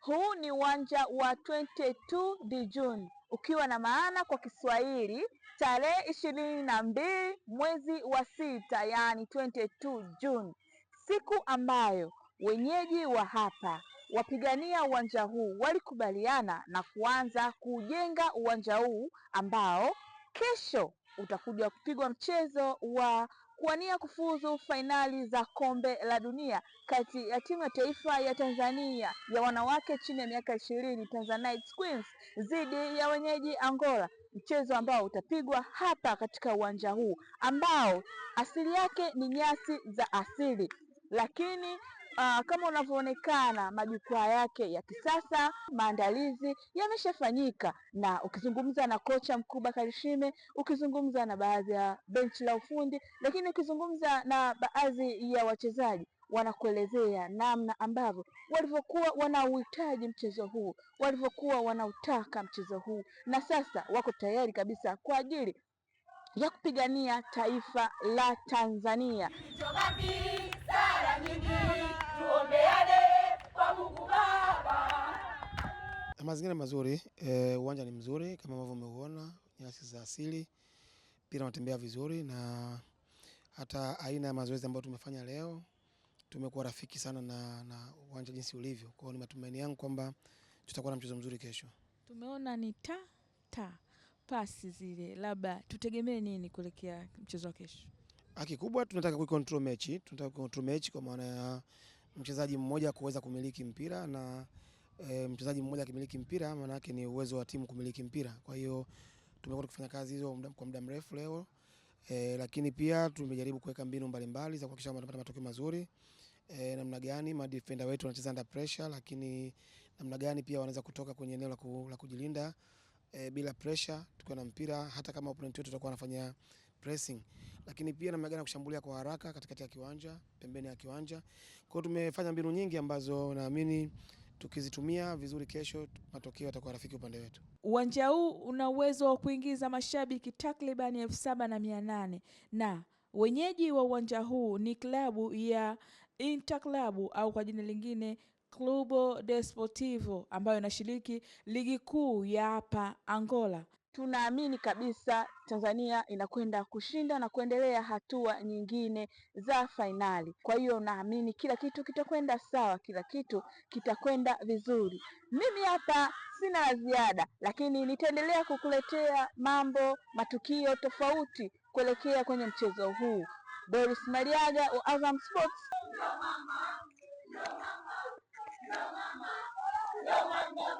Huu ni uwanja wa 22 de June ukiwa na maana kwa Kiswahili tarehe ishirini na mbili mwezi wa sita, yaani 22 June, siku ambayo wenyeji wa hapa wapigania uwanja huu walikubaliana na kuanza kujenga uwanja huu ambao kesho utakuja kupigwa mchezo wa kuwania kufuzu fainali za kombe la dunia kati ya timu ya taifa ya Tanzania ya wanawake chini ya miaka ishirini Tanzanite Queens dhidi ya wenyeji Angola, mchezo ambao utapigwa hapa katika uwanja huu ambao asili yake ni nyasi za asili lakini Uh, kama unavyoonekana majukwaa yake ya kisasa, maandalizi yameshafanyika, na ukizungumza na kocha mkuu Bakari Shime, ukizungumza na baadhi ya benchi la ufundi, lakini ukizungumza na baadhi ya wachezaji wanakuelezea namna ambavyo walivyokuwa wanauhitaji mchezo huu, walivyokuwa wanautaka mchezo huu, na sasa wako tayari kabisa kwa ajili ya kupigania taifa la Tanzania. Mazingira mazuri, eh, uwanja e, ni mzuri kama ambavyo umeuona, nyasi za asili, mpira unatembea vizuri, na hata aina ya mazoezi ambayo tumefanya leo tumekuwa rafiki sana na, na uwanja jinsi ulivyo. Kwa hiyo ni matumaini yangu kwamba tutakuwa na mchezo mzuri kesho. Tumeona ni ta ta pasi zile, labda tutegemee nini kuelekea mchezo wa kesho? Ah, kikubwa tunataka kuikontrol mechi, tunataka kuikontrol mechi kwa maana ya mchezaji mmoja kuweza kumiliki mpira na e, mchezaji mmoja akimiliki mpira maana yake ni uwezo wa timu kumiliki mpira. Kwa hiyo tumekuwa tukifanya kazi hizo kwa muda mrefu leo e, lakini pia tumejaribu kuweka mbinu mbalimbali za kuhakikisha kwamba tunapata matokeo mazuri e, namna gani madefender wetu wanacheza under pressure, lakini namna gani pia wanaweza kutoka kwenye eneo la kujilinda e, bila pressure tukiwa na mpira, hata kama opponent wetu atakuwa anafanya pressing, lakini pia namna gani ya kushambulia kwa haraka katikati ya kiwanja, pembeni ya kiwanja. Kwa hiyo tumefanya mbinu nyingi ambazo naamini tukizitumia vizuri, kesho matokeo yatakuwa rafiki upande wetu. Uwanja huu una uwezo wa kuingiza mashabiki takribani elfu saba na mia nane na wenyeji wa uwanja huu ni klabu ya Inter Club au kwa jina lingine Clube Desportivo ambayo inashiriki ligi kuu ya hapa Angola. Tunaamini kabisa Tanzania inakwenda kushinda na kuendelea hatua nyingine za fainali. Kwa hiyo naamini kila kitu kitakwenda sawa, kila kitu kitakwenda vizuri. Mimi hapa sina la ziada, lakini nitaendelea kukuletea mambo, matukio tofauti kuelekea kwenye mchezo huu. Boris Mariaga wa Azam Sports. Yo mama, yo mama, yo mama,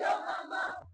yo mama.